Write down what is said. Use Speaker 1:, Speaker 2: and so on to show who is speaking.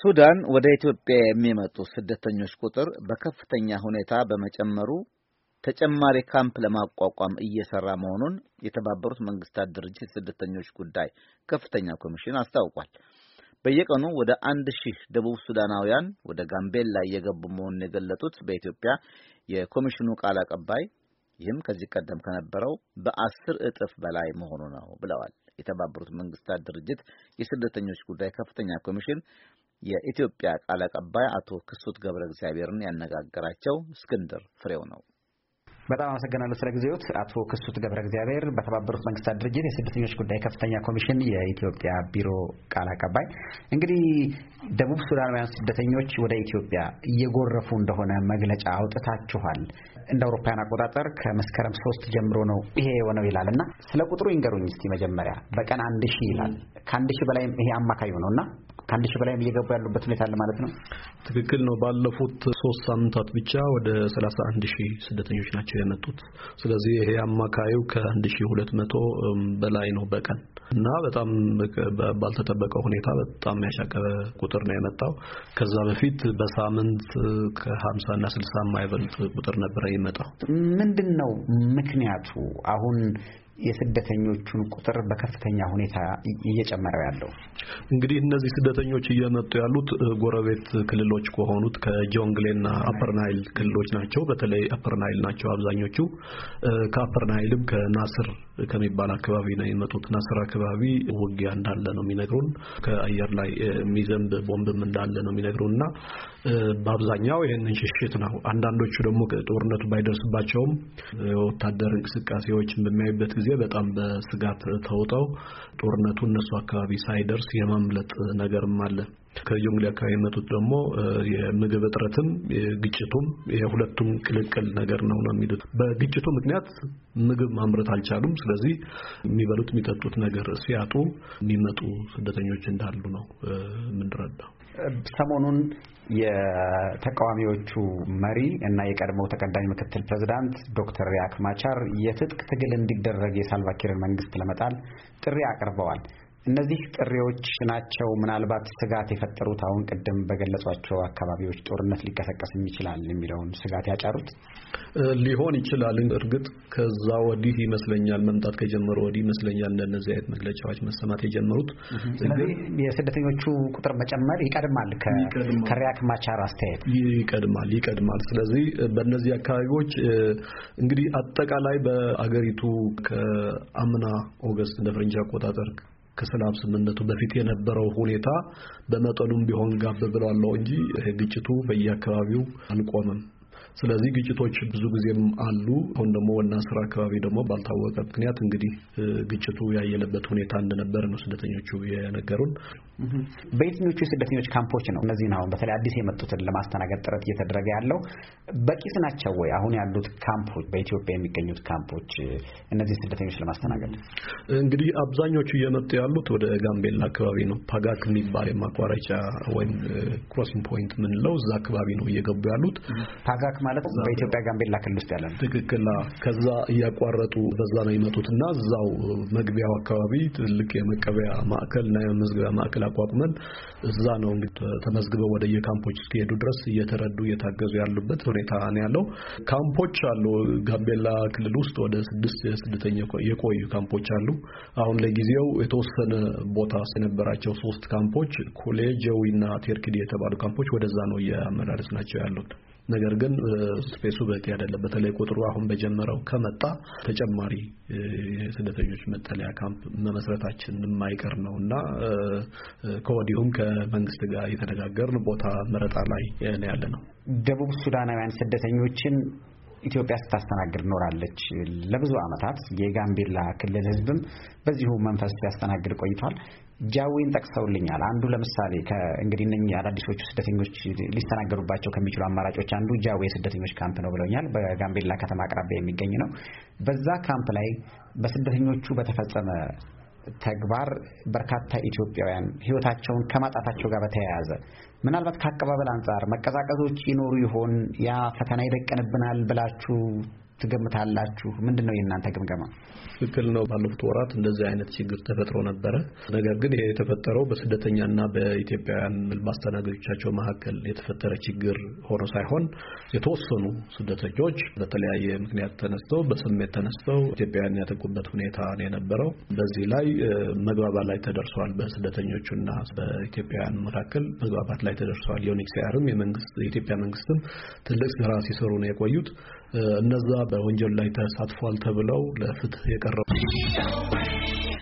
Speaker 1: ሱዳን ወደ ኢትዮጵያ የሚመጡ ስደተኞች ቁጥር በከፍተኛ ሁኔታ በመጨመሩ ተጨማሪ ካምፕ ለማቋቋም እየሰራ መሆኑን የተባበሩት መንግስታት ድርጅት የስደተኞች ጉዳይ ከፍተኛ ኮሚሽን አስታውቋል። በየቀኑ ወደ አንድ ሺህ ደቡብ ሱዳናውያን ወደ ጋምቤላ እየገቡ መሆኑን የገለጡት በኢትዮጵያ የኮሚሽኑ ቃል አቀባይ ይህም ከዚህ ቀደም ከነበረው በአስር እጥፍ በላይ መሆኑ ነው ብለዋል። የተባበሩት መንግስታት ድርጅት የስደተኞች ጉዳይ ከፍተኛ ኮሚሽን የኢትዮጵያ ቃል አቀባይ አቶ ክሱት ገብረ እግዚአብሔርን ያነጋገራቸው እስክንድር ፍሬው ነው። በጣም አመሰግናለሁ ስለ ጊዜዎት። አቶ ክሱት ገብረ እግዚአብሔር በተባበሩት መንግስታት ድርጅት የስደተኞች ጉዳይ ከፍተኛ ኮሚሽን የኢትዮጵያ ቢሮ ቃል አቀባይ። እንግዲህ ደቡብ ሱዳናውያን ስደተኞች ወደ ኢትዮጵያ እየጎረፉ እንደሆነ መግለጫ አውጥታችኋል። እንደ አውሮፓውያን አቆጣጠር ከመስከረም ሶስት ጀምሮ ነው ይሄ የሆነው ይላል እና ስለ ቁጥሩ ይንገሩኝ እስቲ መጀመሪያ። በቀን አንድ ሺህ ይላል ከአንድ ሺህ በላይ ይሄ
Speaker 2: አማካዩ ነው እና ከአንድ ሺህ በላይም እየገቡ ያሉበት ሁኔታ አለ ማለት ነው። ትክክል ነው። ባለፉት ሶስት ሳምንታት ብቻ ወደ ሰላሳ አንድ ሺህ ስደተኞች ናቸው የመጡት። ስለዚህ ይሄ አማካዩ ከአንድ ሺህ ሁለት መቶ በላይ ነው በቀን እና በጣም ባልተጠበቀ ሁኔታ በጣም ያሻቀበ ቁጥር ነው የመጣው። ከዛ በፊት በሳምንት ከሀምሳ እና ስልሳ የማይበልጥ ቁጥር ነበረ ይመጣው።
Speaker 1: ምንድን ነው ምክንያቱ አሁን የስደተኞቹን ቁጥር በከፍተኛ ሁኔታ እየጨመረው ያለው
Speaker 2: እንግዲህ እነዚህ ስደተኞች እየመጡ ያሉት ጎረቤት ክልሎች ከሆኑት ከጆንግሌና አፐርናይል ክልሎች ናቸው። በተለይ አፐርናይል ናቸው አብዛኞቹ። ከአፐርናይልም ከናስር ከሚባል አካባቢ ነው የመጡት። ናስር አካባቢ ውጊያ እንዳለ ነው የሚነግሩን። ከአየር ላይ የሚዘንብ ቦምብም እንዳለ ነው የሚነግሩን እና በአብዛኛው ይህንን ሽሽት ነው። አንዳንዶቹ ደግሞ ጦርነቱ ባይደርስባቸውም ወታደር እንቅስቃሴዎችን በሚያዩበት ጊዜ በጣም በስጋት ተውጠው ጦርነቱ እነሱ አካባቢ ሳይደርስ የማምለጥ ነገርም አለ። ከዮንግሌ አካባቢ የመጡት ደግሞ የምግብ እጥረትም ግጭቱም የሁለቱም ቅልቅል ነገር ነው ነው የሚሉት። በግጭቱ ምክንያት ምግብ ማምረት አልቻሉም። ስለዚህ የሚበሉት የሚጠጡት ነገር ሲያጡ የሚመጡ ስደተኞች እንዳሉ ነው የምንረዳው።
Speaker 1: ሰሞኑን የተቃዋሚዎቹ መሪ እና የቀድሞው ተቀዳሚ ምክትል ፕሬዚዳንት ዶክተር ሪያክ ማቻር የትጥቅ ትግል እንዲደረግ የሳልቫኪርን መንግስት ለመጣል ጥሪ አቅርበዋል። እነዚህ ጥሪዎች ናቸው ምናልባት ስጋት የፈጠሩት አሁን ቅድም በገለጿቸው አካባቢዎች ጦርነት ሊቀሰቀስም ይችላል የሚለውን ስጋት ያጫሩት
Speaker 2: ሊሆን ይችላል። እርግጥ ከዛ ወዲህ ይመስለኛል መምጣት ከጀመሩ ወዲህ ይመስለኛል እንደነዚህ አይነት መግለጫዎች መሰማት የጀመሩት። ስለዚህ
Speaker 1: የስደተኞቹ ቁጥር መጨመር ይቀድማል፣
Speaker 2: ከሪያክ ማቻር አስተያየት ይቀድማል ይቀድማል። ስለዚህ በእነዚህ አካባቢዎች እንግዲህ አጠቃላይ በአገሪቱ ከአምና ኦገስት እንደ ፈረንጅ አቆጣጠር ከሰላም ስምምነቱ በፊት የነበረው ሁኔታ በመጠኑም ቢሆን ጋብ ብሏል እንጂ ግጭቱ በየአካባቢው አልቆምም። ስለዚህ ግጭቶች ብዙ ጊዜም አሉ። አሁን ደግሞ ወና ስራ አካባቢ ደግሞ ባልታወቀ ምክንያት እንግዲህ ግጭቱ ያየለበት ሁኔታ እንደነበር ነው ስደተኞቹ የነገሩን።
Speaker 1: በየትኞቹ የስደተኞች ካምፖች ነው እነዚህን አሁን በተለይ አዲስ የመጡትን ለማስተናገድ ጥረት እየተደረገ ያለው? በቂስ ናቸው ወይ አሁን ያሉት ካምፖች፣ በኢትዮጵያ የሚገኙት ካምፖች
Speaker 2: እነዚህ ስደተኞች ለማስተናገድ? እንግዲህ አብዛኞቹ እየመጡ ያሉት ወደ ጋምቤላ አካባቢ ነው። ፓጋክ የሚባል የማቋረጫ ወይም ክሮሲንግ ፖይንት ምንለው እዛ አካባቢ ነው እየገቡ ያሉት ፓጋክ ማለት በኢትዮጵያ ጋምቤላ ክልል ውስጥ ያለ ነው። ትክክል። ከዛ እያቋረጡ በዛ ነው የመጡት እና እዛው መግቢያው አካባቢ ትልቅ የመቀበያ ማዕከል እና የመመዝገቢያ ማዕከል አቋቁመን እዛ ነው ተመዝግበው ወደ የካምፖች እስኪሄዱ ድረስ እየተረዱ እየታገዙ ያሉበት ሁኔታ ነው ያለው። ካምፖች አሉ ጋምቤላ ክልል ውስጥ ወደ ስድስት ስደተኛ የቆዩ ካምፖች አሉ። አሁን ለጊዜው የተወሰነ ቦታ የነበራቸው ሶስት ካምፖች ኮሌ፣ ጀዊ እና ቴርክዲ የተባሉ ካምፖች ወደዛ ነው እያመላለስ ናቸው ያሉት። ነገር ግን ስፔሱ በቂ አይደለም። በተለይ ቁጥሩ አሁን በጀመረው ከመጣ ተጨማሪ የስደተኞች መጠለያ ካምፕ መመስረታችን የማይቀር ነው እና ከወዲሁም ከመንግስት ጋር የተነጋገርን ቦታ መረጣ ላይ ያለ ነው። ደቡብ
Speaker 1: ሱዳናውያን ስደተኞችን ኢትዮጵያ ስታስተናግድ ኖራለች። ለብዙ ዓመታት የጋምቤላ ክልል ህዝብም በዚሁ መንፈስ ሲያስተናግድ ቆይቷል። ጃዊን ጠቅሰውልኛል። አንዱ ለምሳሌ እንግዲህ እነኚህ አዳዲሶቹ ስደተኞች ሊስተናገዱባቸው ከሚችሉ አማራጮች አንዱ ጃዌ የስደተኞች ካምፕ ነው ብለውኛል። በጋምቤላ ከተማ አቅራቢያ የሚገኝ ነው። በዛ ካምፕ ላይ በስደተኞቹ በተፈጸመ ተግባር በርካታ ኢትዮጵያውያን ሕይወታቸውን ከማጣታቸው ጋር በተያያዘ ምናልባት ከአቀባበል አንጻር መቀዛቀዞች ይኖሩ ይሆን? ያ ፈተና ይደቀንብናል ብላችሁ ትገምታላችሁ? ምንድን ነው የእናንተ ግምገማ?
Speaker 2: ትክክል ነው። ባለፉት ወራት እንደዚህ አይነት ችግር ተፈጥሮ ነበረ። ነገር ግን የተፈጠረው በስደተኛና በኢትዮጵያውያን ማስተናገጆቻቸው መካከል የተፈጠረ ችግር ሆኖ ሳይሆን የተወሰኑ ስደተኞች በተለያየ ምክንያት ተነስተው በስሜት ተነስተው ኢትዮጵያውያን ያጠቁበት ሁኔታ ነው የነበረው። በዚህ ላይ መግባባት ላይ ተደርሰዋል። በስደተኞቹና በኢትዮጵያውያን መካከል መግባባት ላይ ተደርሰዋል። ዩኤንኤችሲአርም የመንግስት የኢትዮጵያ መንግስትም ትልቅ ስራ ሲሰሩ ነው የቆዩት። እነዛ በወንጀል ላይ ተሳትፏል ተብለው ለፍትህ የቀረቡ